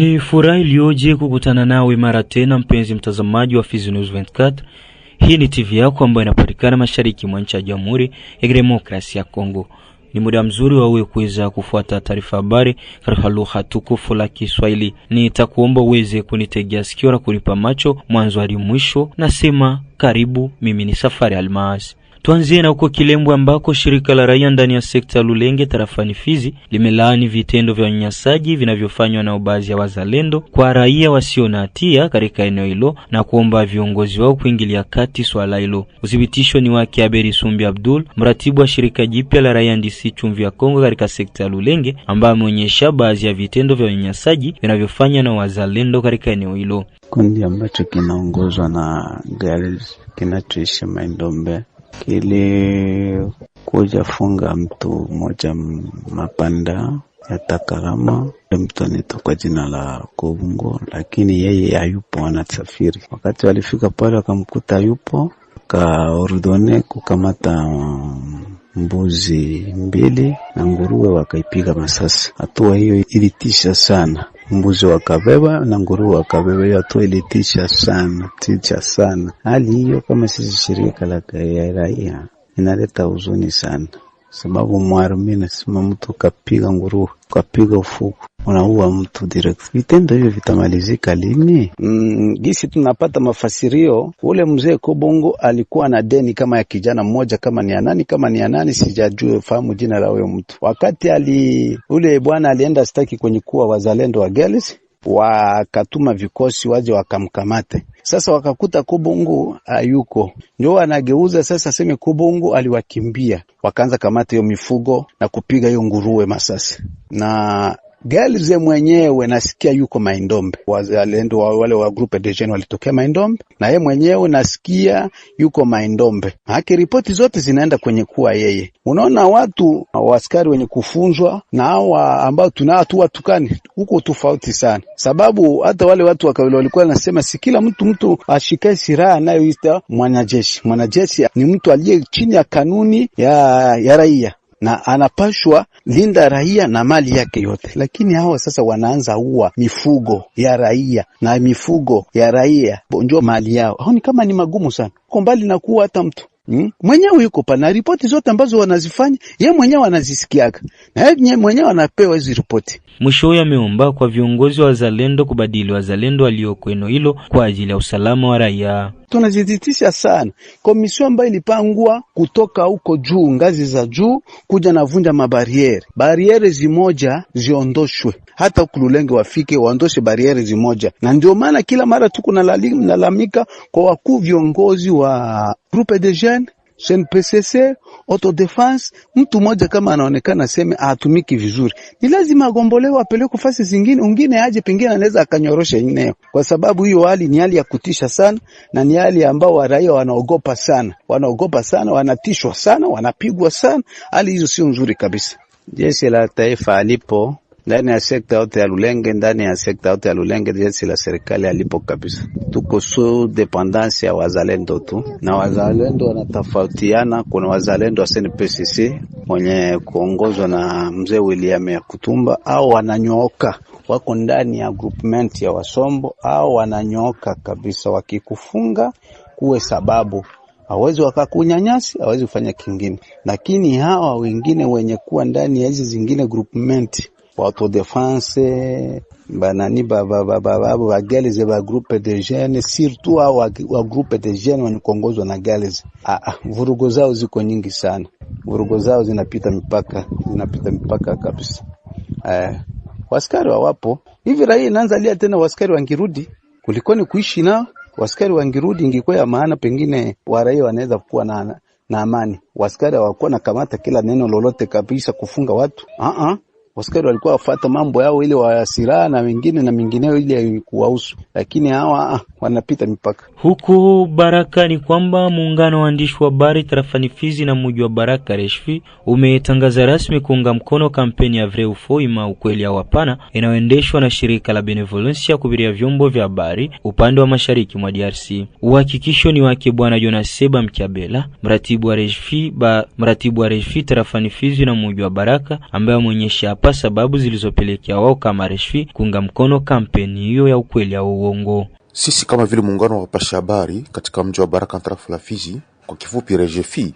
Ni furaha iliyoje kukutana nawe mara tena, mpenzi mtazamaji wa Fizi News 24. Hii ni TV yako ambayo inapatikana mashariki mwa nchi ya Jamhuri ya Kidemokrasia ya Kongo. Ni muda mzuri wa wewe kuweza kufuata taarifa habari katika lugha tukufu la Kiswahili. Nitakuomba uweze kunitegea sikio na kunipa macho mwanzo hadi mwisho. Nasema karibu, mimi ni Safari Almasi. Tuanzie na huko Kilembwe ambako shirika la raia ndani ya sekta ya Lulenge tarafani Fizi limelaani vitendo vya unyanyasaji vinavyofanywa na baadhi ya wazalendo kwa raia wasio na hatia katika eneo hilo na kuomba viongozi wao kuingilia kati swala hilo. Uthibitisho ni wake Aberi Sumbi Abdul, mratibu wa shirika jipya la raia ndisi chumvi ya Kongo katika sekta ya Lulenge, ambaye ameonyesha baadhi ya vitendo vya unyanyasaji vinavyofanywa na wazalendo katika eneo hilo. Kundi ambacho kinaongozwa na girls kinachoishi Maindombe kilikuja funga mtu mmoja mapanda ya Takarama mtu anaitwa kwa jina la Kongo, lakini yeye hayupo, anasafiri. Wakati walifika pale, wakamkuta yupo, kaordone kukamata mm, mbuzi mbili na nguruwe, wakaipiga masasi. Hatua hiyo ilitisha sana mbuzi kabeba na nguruwe wakabeba. Hiyo hatua ilitisha sana, tisha sana. Hali hiyo kama sisi shirika la raia inaleta huzuni sana sababu mwarumini sima mtu kapiga nguruwe kapiga ufuku unaua mtu direct. Vitendo hivyo vitamalizika lini? Mm, gisi tunapata mafasirio. Ule mzee Kobongo alikuwa na deni kama ya kijana mmoja, kama ni anani, kama ni anani, sijajue fahamu jina la huyo mtu. Wakati ali ule bwana alienda staki kwenye kuwa wazalendo wa Gels, wakatuma vikosi waje wakamkamate sasa wakakuta kubungu hayuko, ah, ndio wanageuza sasa, seme kubungu aliwakimbia, wakaanza kamata hiyo mifugo na kupiga hiyo nguruwe masasi na Galize mwenyewe nasikia yuko Maindombe, wazalendo wale wa grupe de jeunes walitokea Maindombe na ye mwenyewe nasikia yuko Maindombe. Haki ripoti zote zinaenda kwenye kuwa yeye. Unaona watu waaskari wenye kufunzwa na hawa ambao tunao tu watukani huko tofauti sana, sababu hata wale watu wa kabila walikuwa nasema, si kila mtu mtu ashikae silaha anayoita mwanajeshi. Mwanajeshi ni mtu aliye chini ya kanuni ya, ya raia na anapashwa linda raia na mali yake yote, lakini hawa sasa wanaanza ua mifugo ya raia na mifugo ya raia bonjo mali yao. ni kama ni magumu sana, uko mbali na kuwa hata mtu Hmm? Mwenyewe yuko pana na ripoti zote ambazo wanazifanya ye mwenyewe anazisikiaga na ye mwenyewe anapewa hizo ripoti. Mwisho huyo ameomba kwa viongozi wa wazalendo kubadili wazalendo walioko eneo hilo kwa ajili ya usalama wa raia. Tunazitisha sana komisio ambayo ilipangwa kutoka huko juu ngazi za juu kuja na vunja mabariere, bariere zimoja ziondoshwe, hata kululenge wafike waondoshe bariere zimoja, na ndio maana kila mara tuko nalalamika kwa wakuu viongozi wa groupe de jeunes pcc autodefense. Mtu mmoja kama anaonekana aseme atumiki vizuri, ni lazima agombolewe, apelekwe fasi zingine, ungine aje, pengine anaweza akanyorosha eneo, kwa sababu hiyo hali ni hali ya kutisha sana, na ni hali ambao waraia wanaogopa sana, wanaogopa sana, wanatishwa sana, wanapigwa sana. Hali hizo sio nzuri kabisa. Jeshi la taifa alipo ndani ya sekta yote ya Lulenge, ndani ya sekta yote ya Lulenge jeshi la serikali alipo kabisa. Tuko su dependance ya wazalendo tu, na wazalendo wanatofautiana. Kuna wazalendo wa SNPCC wenye kuongozwa na mzee William ya Kutumba, au wananyooka wako ndani ya groupment ya Wasombo, au wananyooka kabisa. Wakikufunga kuwe sababu hawezi wakakunyanyasi, hawezi kufanya kingine, lakini hawa wengine wenye kuwa ndani ya hizi zingine groupment ba auto defense banani bababo bagalize ba groupe de jeunes surtout au wa groupe de jeunes wanikongozwa na galize. Ah, ah, vurugo zao ziko nyingi sana, vurugo zao zinapita mipaka, zinapita mipaka kabisa. Eh, waskari wawapo hivi, raia inaanza lia tena. Waskari wangirudi kulikoni kuishi nao, waskari wangirudi ingekuwa ya maana, pengine waraia wanaweza kuwa na na amani. Waskari hawakuwa na kamata kila neno lolote kabisa, kufunga watu uh -uh. Askari walikuwa wafuata mambo yao ili wa na wengine na mengineo ili kuwahusu, lakini hawa ah, wanapita mipaka huku. Baraka ni kwamba muungano wa waandishi wa habari tarafani Fizi na muji wa Baraka Reshfi umetangaza rasmi kuunga mkono kampeni ya Vrai ou Faux, ima ukweli au hapana, inayoendeshwa na shirika la Benevolencia kupitia vyombo vya habari upande wa mashariki mwa DRC. Uhakikisho ni wake Bwana Jonas Seba Mkiabela, mratibu wa Reshfi, ba, mratibu wa Reshfi tarafani Fizi na muji wa Baraka ambaye ameonyesha hapa sababu zilizopelekea wao kama Reshfi kuunga mkono kampeni hiyo ya ukweli au uongo. Sisi kama vile muungano wa pasha habari katika mji wa Baraka tarafu la Fizi, kwa kifupi Rejefi,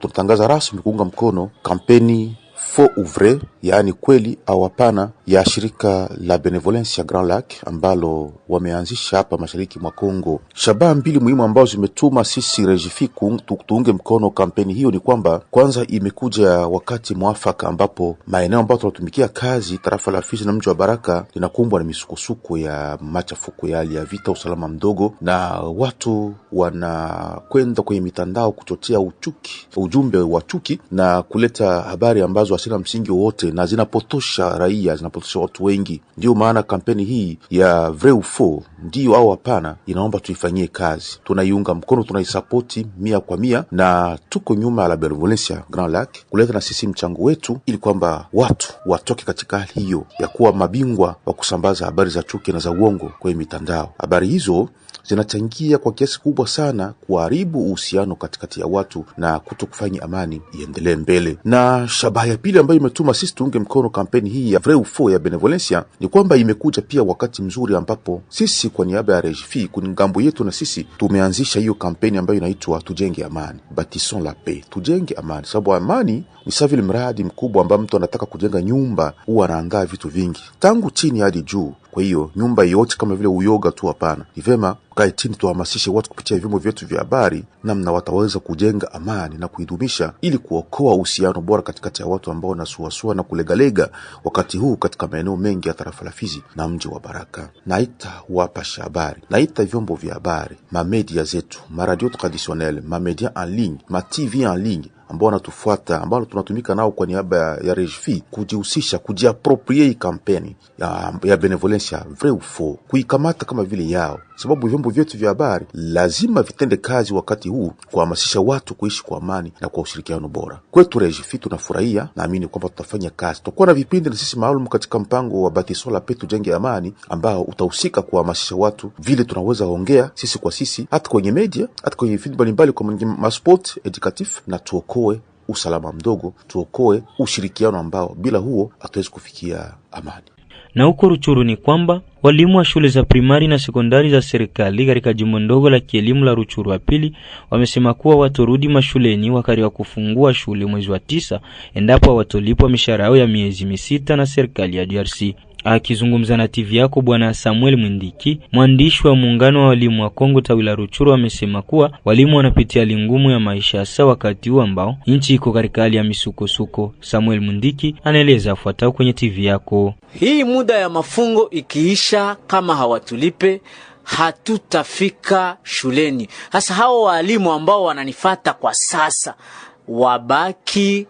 tunatangaza rasmi kuunga mkono kampeni Faux vrai, yaani kweli au hapana, ya shirika la Benevolence ya Grand Lac ambalo wameanzisha hapa mashariki mwa Kongo. Shabaha mbili muhimu ambazo zimetuma sisi Rejifiku tuunge mkono kampeni hiyo ni kwamba kwanza, imekuja wakati mwafaka ambapo maeneo ambayo tunatumikia kazi tarafa la Fizi na mji wa Baraka linakumbwa na misukosuko ya machafuko ya hali ya vita, usalama mdogo, na watu wanakwenda kwenye mitandao kuchochea uchuki, ujumbe wa chuki na kuleta habari ambazo ambazo hazina msingi wowote na zinapotosha raia, zinapotosha watu wengi. Ndiyo maana kampeni hii ya Vreu4 ndiyo au hapana inaomba tuifanyie kazi, tunaiunga mkono, tunaisapoti mia kwa mia, na tuko nyuma ya la Benevolencia Grand Lac kuleta na sisi mchango wetu, ili kwamba watu watoke katika hali hiyo ya kuwa mabingwa wa kusambaza habari za chuki na za uongo kwenye mitandao. Habari hizo zinachangia kwa kiasi kubwa sana kuharibu uhusiano katikati ya watu na kuto kufanya amani iendelee mbele. Na shabaha ya pili ambayo imetuma sisi tuunge mkono kampeni hii ya Vreu Fo ya Benevolencia ni kwamba imekuja pia wakati mzuri ambapo sisi kwa niaba ya REGIFI kuni ngambo yetu na sisi tumeanzisha hiyo kampeni ambayo inaitwa tujenge amani, batison la paix, tujenge amani, sababu amani ni sawa vile mradi mkubwa ambao mtu anataka kujenga nyumba, huwa anaandaa vitu vingi tangu chini hadi juu kwa hiyo nyumba yote kama vile uyoga tu, hapana. Ni vema kae chini, tuhamasishe watu kupitia vyombo vyetu vya habari, namna wataweza kujenga amani na kuidumisha, ili kuokoa uhusiano bora katikati ya watu ambao wanasuasua na kulegalega wakati huu katika maeneo mengi ya tarafa la Fizi na mji wa Baraka. Naita wapasha habari, naita vyombo vya habari, mamedia zetu, maradio traditionnel, mamedia en ligne, ma tv en ligne ambao wanatufuata ambao tunatumika nao kwa niaba ya Rejfi kujihusisha kujiaproprie kampeni ya, ya benevolencia vrai ou kuikamata kama vile yao sababu vyombo vyetu vya habari lazima vitende kazi wakati huu kuhamasisha watu kuishi kwa amani na kwa ushirikiano bora. Kwetu rejifi, tunafurahia, naamini kwamba tutafanya kazi, tutakuwa na vipindi na sisi maalum katika mpango wa batisola petu jenge amani, ambao utahusika kuhamasisha watu vile tunaweza ongea sisi kwa sisi, hata kwenye media, hata kwenye vipindi mbalimbali, kwa masport edukatif, na tuokoe usalama mdogo, tuokoe ushirikiano ambao bila huo hatuwezi kufikia amani. Na huko Ruchuru ni kwamba walimu wa shule za primari na sekondari za serikali katika jimbo ndogo la kielimu la Ruchuru wa pili wamesema kuwa watorudi mashuleni wakati wa kufungua shule mwezi wa tisa endapo watolipwa mishahara yao ya miezi misita na serikali ya DRC. Akizungumza na TV yako Bwana Samuel Mwindiki, mwandishi wa muungano wa walimu wa Kongo tawila Ruchuru, amesema kuwa walimu wanapitia hali ngumu ya maisha, hasa wakati huu ambao nchi iko katika hali ya misukosuko. Samuel Mwindiki anaeleza afuatao kwenye TV yako. Hii muda ya mafungo ikiisha, kama hawatulipe hatutafika shuleni. Hasa hao walimu ambao wananifata kwa sasa wabaki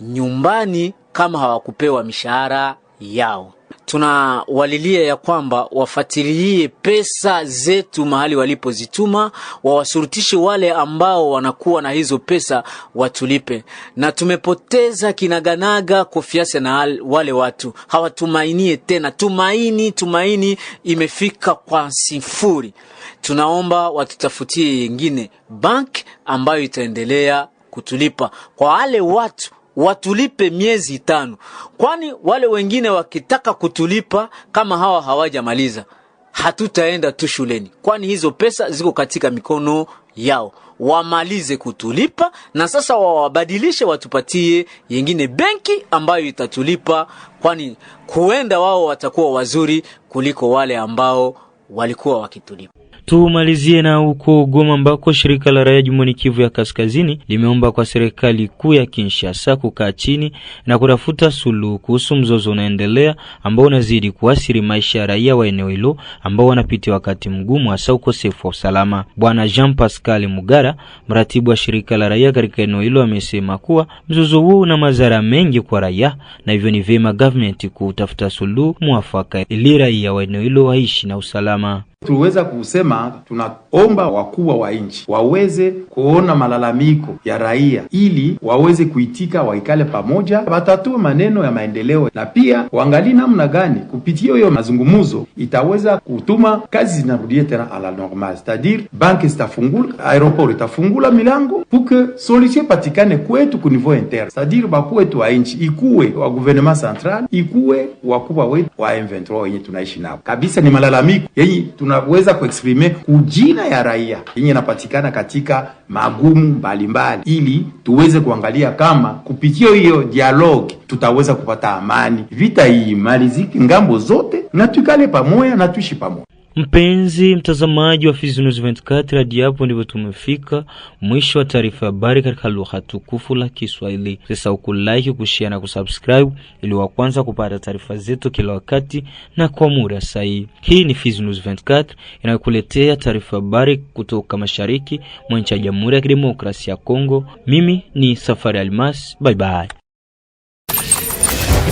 nyumbani kama hawakupewa mishahara yao tunawalilia ya kwamba wafatilie pesa zetu mahali walipozituma, wawashurutishe wale ambao wanakuwa na hizo pesa watulipe. Na tumepoteza kinaganaga kofiasa na wale watu hawatumainie tena tumaini, tumaini imefika kwa sifuri. Tunaomba watutafutie yengine bank ambayo itaendelea kutulipa kwa wale watu watulipe miezi tano, kwani wale wengine wakitaka kutulipa kama hawa hawajamaliza hatutaenda tu shuleni, kwani hizo pesa ziko katika mikono yao. Wamalize kutulipa na sasa wawabadilishe, watupatie yengine benki ambayo itatulipa, kwani huenda wao watakuwa wazuri kuliko wale ambao walikuwa wakitulipa. Tumalizie na huko Goma ambako shirika la raia jimboni Kivu ya Kaskazini limeomba kwa serikali kuu ya Kinshasa kukaa chini na kutafuta suluhu kuhusu mzozo unaendelea ambao unazidi kuathiri maisha ya raia wa eneo hilo ambao wanapitia wakati mgumu, hasa ukosefu wa usalama. Bwana Jean Pascal Mugara, mratibu wa shirika la raia katika eneo hilo, amesema kuwa mzozo huo una madhara mengi kwa raia na hivyo ni vyema government kutafuta suluhu mwafaka ili raia wa eneo hilo waishi na usalama. kama tuliweza kusema tunaomba wakubwa wa nchi waweze kuona malalamiko ya raia ili waweze kuitika, waikale pamoja, watatue maneno ya maendeleo, na pia waangalie namna gani kupitia hiyo mazungumzo itaweza kutuma kazi zinarudie tena ala normal, cetadire banke zitafungula, aeroport itafungula milango puke solution patikane kwetu ku niveau interne, c'est-à-dire bakuu wetu wa nchi ikuwe wa gouvernement central ikuwe wakubwa wetu wa M23 yenye tunaishi nao kabisa. Ni malalamiko yenye tuna tunaweza kuexprime kujina ya raia yenye inapatikana katika magumu mbalimbali, ili tuweze kuangalia kama kupitia hiyo dialogue tutaweza kupata amani, vita hii malizike ngambo zote, na tukale pamoja na tuishi pamoja. Mpenzi mtazamaji wa Fizi News 24, hadi hapo ndipo tumefika mwisho wa taarifa ya habari katika lugha tukufu la Kiswahili. Usisahau kulike, kushare na kusubscribe ili wa kwanza kupata taarifa zetu kila wakati na kwa muda sahihi. Hii ni Fizi News 24 inayokuletea taarifa habari kutoka mashariki mwa nchi ya Jamhuri ya Kidemokrasia ya Kongo. Mimi ni Safari Almas, bye bye.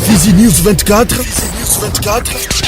Fizi News 24. Fizi News 24.